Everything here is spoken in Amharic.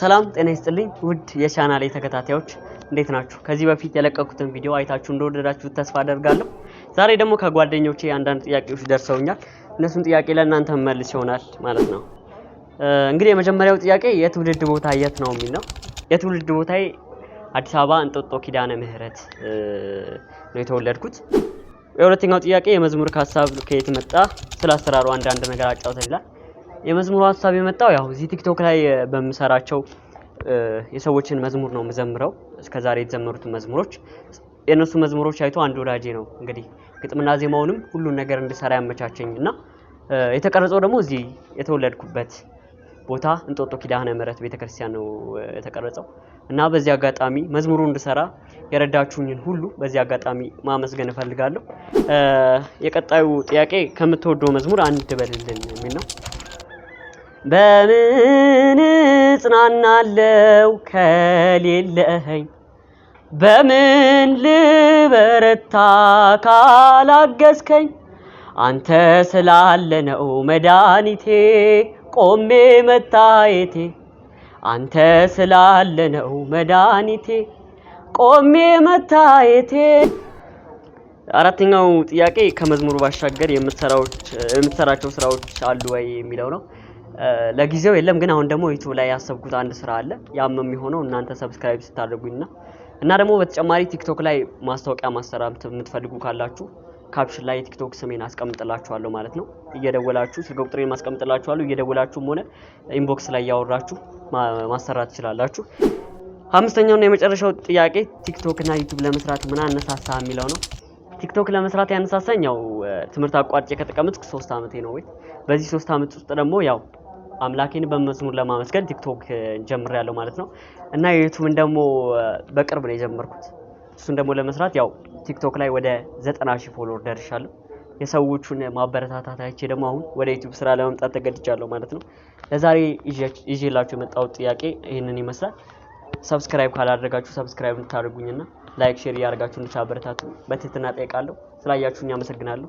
ሰላም ጤና ይስጥልኝ ውድ የቻናሌ ተከታታዮች እንዴት ናችሁ? ከዚህ በፊት የለቀኩትን ቪዲዮ አይታችሁ እንደወደዳችሁ ተስፋ አደርጋለሁ። ዛሬ ደግሞ ከጓደኞቼ አንዳንድ ጥያቄዎች ደርሰውኛል። እነሱን ጥያቄ ለእናንተ መልስ ይሆናል ማለት ነው። እንግዲህ የመጀመሪያው ጥያቄ የትውልድ ቦታ የት ነው የሚል ነው። የትውልድ ቦታዬ አዲስ አበባ እንጦጦ ኪዳነ ምህረት ነው የተወለድኩት። የሁለተኛው ጥያቄ የመዝሙር ከሀሳብ ከየት መጣ፣ ስለ አሰራሩ አንዳንድ ነገር አጫውተን ይላል የመዝሙሩ ሀሳብ የመጣው ያው እዚህ ቲክቶክ ላይ በምሰራቸው የሰዎችን መዝሙር ነው የምዘምረው። እስከዛሬ የተዘመሩት መዝሙሮች የእነሱ መዝሙሮች አይቶ አንድ ወዳጄ ነው እንግዲህ ግጥምና ዜማውንም ሁሉን ነገር እንድሰራ ያመቻቸኝ እና የተቀረጸው ደግሞ እዚህ የተወለድኩበት ቦታ እንጦጦ ኪዳነ ምረት ቤተክርስቲያን ነው የተቀረጸው እና በዚህ አጋጣሚ መዝሙሩ እንድሰራ የረዳችሁኝን ሁሉ በዚህ አጋጣሚ ማመስገን እፈልጋለሁ። የቀጣዩ ጥያቄ ከምትወደው መዝሙር አንድ በልልን የሚል ነው። በምን እጽናናለው ከሌለኸኝ? በምን ልበረታ ካላገዝከኝ? አንተ ስላለ መድኃኒቴ ቆሜ መታየቴ አንተ ስላለ መድኃኒቴ ቆሜ መታየቴ። አራተኛው ጥያቄ ከመዝሙሩ ባሻገር የምትሰራቸው ስራዎች አሉ ወይ የሚለው ነው። ለጊዜው የለም፣ ግን አሁን ደግሞ ዩቲዩብ ላይ ያሰብኩት አንድ ስራ አለ። ያም የሚሆነው እናንተ ሰብስክራይብ ስታደርጉኝና እና ደግሞ በተጨማሪ ቲክቶክ ላይ ማስታወቂያ ማሰራት የምትፈልጉ ካላችሁ ካፕሽን ላይ የቲክቶክ ስሜን አስቀምጥላችኋለሁ ማለት ነው። እየደወላችሁ ስልክ ቁጥሬን አስቀምጥላችኋለሁ። እየደወላችሁም ሆነ ኢንቦክስ ላይ እያወራችሁ ማሰራት ትችላላችሁ። አምስተኛውና የመጨረሻው ጥያቄ ቲክቶክ እና ዩቲዩብ ለመስራት ምን አነሳሳ የሚለው ነው። ቲክቶክ ለመስራት ያነሳሳኝ ያው ትምህርት አቋርጬ ከተቀመጥኩ ሶስት አመቴ ነው ወይ በዚህ ሶስት አመት ውስጥ ደግሞ ያው አምላኬን በመዝሙር ለማመስገን ቲክቶክ ጀምር ያለው ማለት ነው። እና የዩቱብን ደግሞ በቅርብ ነው የጀመርኩት። እሱን ደግሞ ለመስራት ያው ቲክቶክ ላይ ወደ ዘጠና ሺህ ፎሎወር ደርሻለሁ። የሰዎቹን ማበረታታት አይቼ ደግሞ አሁን ወደ ዩቱብ ስራ ለመምጣት ተገድጃለሁ ማለት ነው። ለዛሬ ይዤላችሁ የመጣሁት ጥያቄ ይህንን ይመስላል። ሰብስክራይብ ካላደረጋችሁ ሰብስክራይብ እንድታደርጉኝና ላይክ፣ ሼር እያደረጋችሁ እንድታበረታቱ በትህትና ጠይቃለሁ። ስላያችሁኝ አመሰግናለሁ።